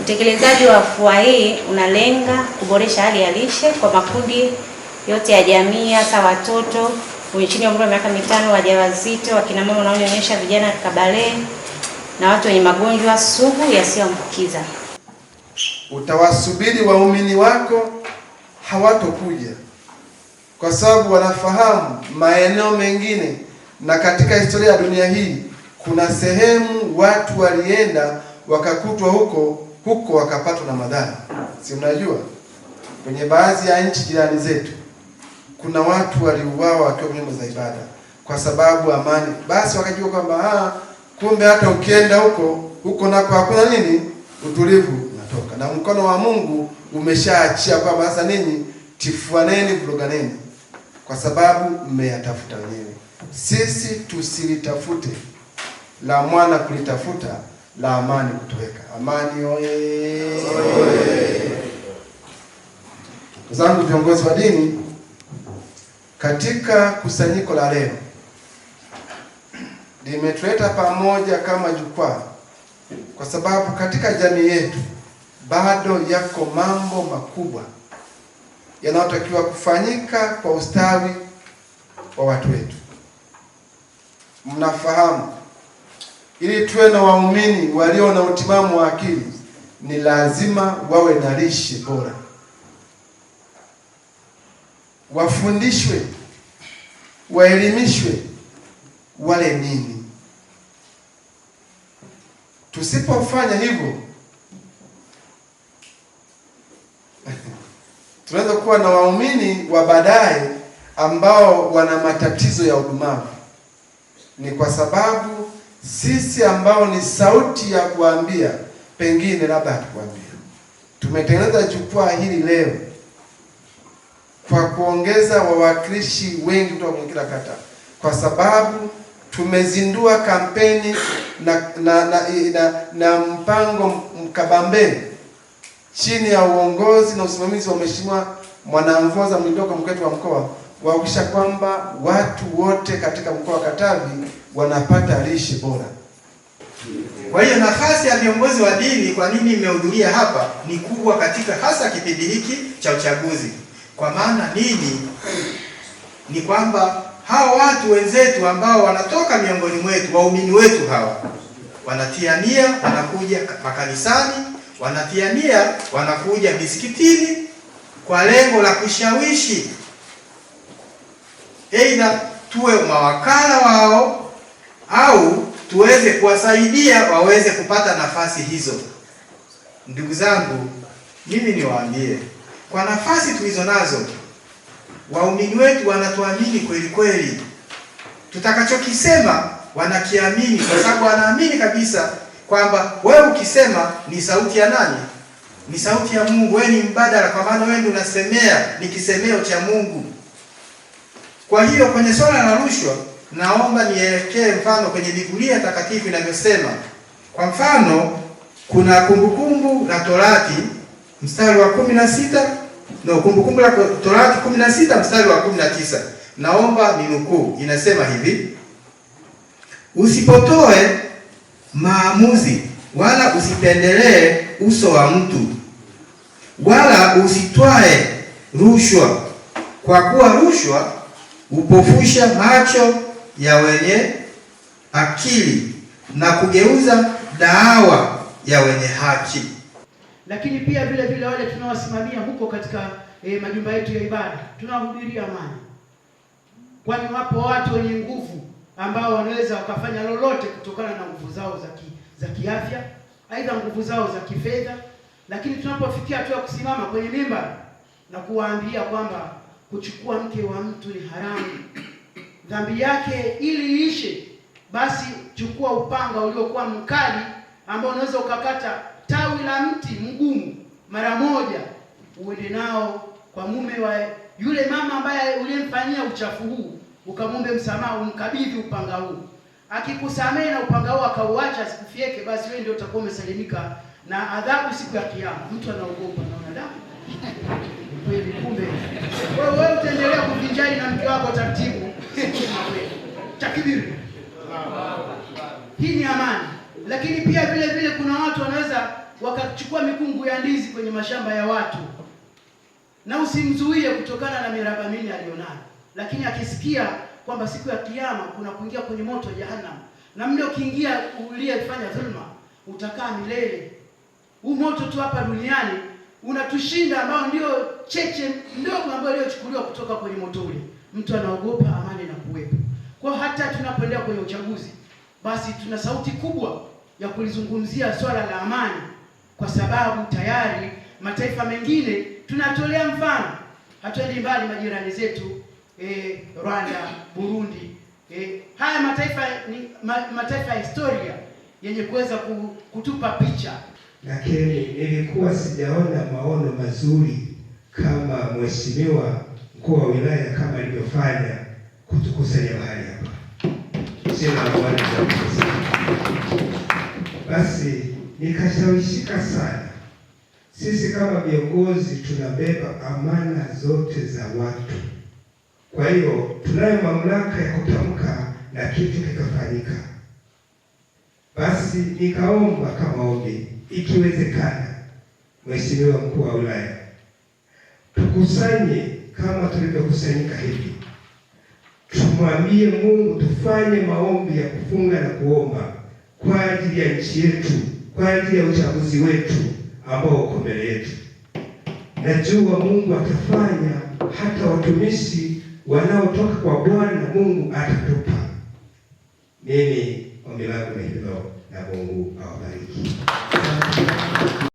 Utekelezaji wa afua hii unalenga kuboresha hali ya lishe kwa makundi yote ya jamii, hasa watoto wenye chini ya umri wa miaka mitano, wajawazito, wakina mama wanaonyonyesha, vijana kabalee na watu wenye magonjwa sugu yasiyoambukiza. Utawasubiri waumini wako hawatokuja, kwa sababu wanafahamu maeneo mengine na katika historia ya dunia hii kuna sehemu watu walienda wakakutwa huko huko wakapatwa na madhara. Si mnajua kwenye baadhi ya nchi jirani zetu kuna watu waliuawa wakiwa kwenye za ibada kwa sababu amani, basi wakajua kwamba ah, kumbe hata ukienda huko huko nako hakuna nini, utulivu unatoka, na mkono wa Mungu umeshaachia kwamba sasa ninyi tifuaneni, vuruganeni, kwa sababu mmeyatafuta wenyewe. Sisi tusilitafute la mwana kulitafuta la amani kutoweka. Amani oye! zangu viongozi wa dini, katika kusanyiko la leo limetuleta pamoja kama jukwaa, kwa sababu katika jamii yetu bado yako mambo makubwa yanayotakiwa kufanyika kwa ustawi wa watu wetu. Mnafahamu ili tuwe na waumini walio na utimamu wa akili, ni lazima wawe na lishe bora, wafundishwe, waelimishwe wale nini. Tusipofanya hivyo, tunaweza kuwa na waumini wa baadaye ambao wana matatizo ya udumavu. Ni kwa sababu sisi ambao ni sauti ya kuambia, pengine labda hatukuambia. Tumetengeneza jukwaa hili leo kwa kuongeza wawakilishi wengi kutoka kwenye kila kata, kwa sababu tumezindua kampeni na, na, na, na, na mpango mkabambe chini ya uongozi na usimamizi wa Mheshimiwa Mwanamvua Mwidoko mkuu wetu wa mkoa kuhakikisha kwamba watu wote katika mkoa wa Katavi wanapata lishe bora. Kwa hiyo nafasi ya viongozi wa dini, kwa nini nimehudhuria hapa, ni kubwa katika hasa kipindi hiki cha uchaguzi. Kwa maana nini? Ni kwamba hawa watu wenzetu ambao wanatoka miongoni mwetu, waumini wetu hawa wanatia nia, wanakuja makanisani, wanatia nia, wanakuja misikitini kwa lengo la kushawishi aidha tuwe mawakala wao au tuweze kuwasaidia waweze kupata nafasi hizo. Ndugu zangu, mimi niwaambie kwa nafasi tulizo nazo, waumini wetu wanatuamini kweli kweli, tutakachokisema wanakiamini, kwa sababu wanaamini kabisa kwamba wewe ukisema ni sauti ya nani? Ni sauti ya Mungu. Wewe ni mbadala, kwa maana wewe ndio unasemea, ni kisemeo cha Mungu. Kwa hiyo kwenye swala la rushwa, naomba nielekee mfano kwenye Biblia takatifu inavyosema. Kwa mfano, kuna Kumbukumbu la Torati mstari wa kumi na sita no, Kumbukumbu la Torati kumi na sita mstari wa kumi na tisa naomba ninukuu, inasema hivi: usipotoe maamuzi wala usipendelee uso wa mtu wala usitwae rushwa, kwa kuwa rushwa hupofusha macho ya wenye akili na kugeuza dawa ya wenye haki. Lakini pia vile vile wale tunawasimamia huko katika e, majumba yetu ya ibada tunawahubiria amani, kwani wapo watu wenye nguvu ambao wanaweza wakafanya lolote kutokana na nguvu zao za ki, za kiafya, aidha nguvu zao za kifedha. Lakini tunapofikia hatua ya kusimama kwenye mimba na kuwaambia kwamba kuchukua mke wa mtu ni haramu, dhambi yake ili iishe, basi chukua upanga uliokuwa mkali ambao unaweza ukakata tawi la mti mgumu mara moja, uende nao kwa mume wa yule mama ambaye uliyemfanyia uchafu huu, ukamwombe msamaha, umkabidhi upanga huu. Akikusamehe na upanga huu akauacha, sikufyeke, basi wewe ndio utakuwa umesalimika na adhabu siku ya Kiyama. Mtu anaogopa, naona damu kweli, kumbe wewe wewe utaendelea kuvinjari na mke wako taratibu. Takbiri. Hii ni amani. Lakini pia vile vile kuna watu wanaweza wakachukua mikungu ya ndizi kwenye mashamba ya watu na usimzuie kutokana na miraba minne aliyonayo, lakini akisikia kwamba siku ya Kiyama kuna kuingia kwenye moto Jahannam, na mle ukiingia uliyefanya dhulma utakaa milele. Huu moto tu hapa duniani wanatushinda ambao ndio cheche ndogo ambayo iliyochukuliwa kutoka kwenye moto ule. Mtu anaogopa amani na kuwepo kwa, hata tunapoendea kwenye uchaguzi, basi tuna sauti kubwa ya kulizungumzia swala la amani, kwa sababu tayari mataifa mengine tunatolea mfano, hatuendi mbali, majirani zetu e, Rwanda, Burundi, e, haya mataifa ni ma, mataifa ya historia yenye kuweza kutupa picha lakini nilikuwa sijaona maono mazuri kama mheshimiwa mkuu wa wilaya kama alivyofanya kutukusanya mahali hapa. Basi nikashawishika sana. Sisi kama viongozi tunabeba amana zote za watu, kwa hiyo tunayo mamlaka ya kutamka na kitu kikafanyika. Basi nikaomba kama ombi ikiwezekana, Mheshimiwa Mkuu wa Wilaya, tukusanye kama tulivyokusanyika hivi, tumwambie Mungu, tufanye maombi ya kufunga na kuomba kwa ajili ya nchi yetu, kwa ajili ya uchaguzi wetu ambao uko mbele yetu. Najua Mungu atafanya, hata watumishi wanaotoka kwa Bwana Mungu atatupa mimi Ombi lako umehilo na Mungu awabariki.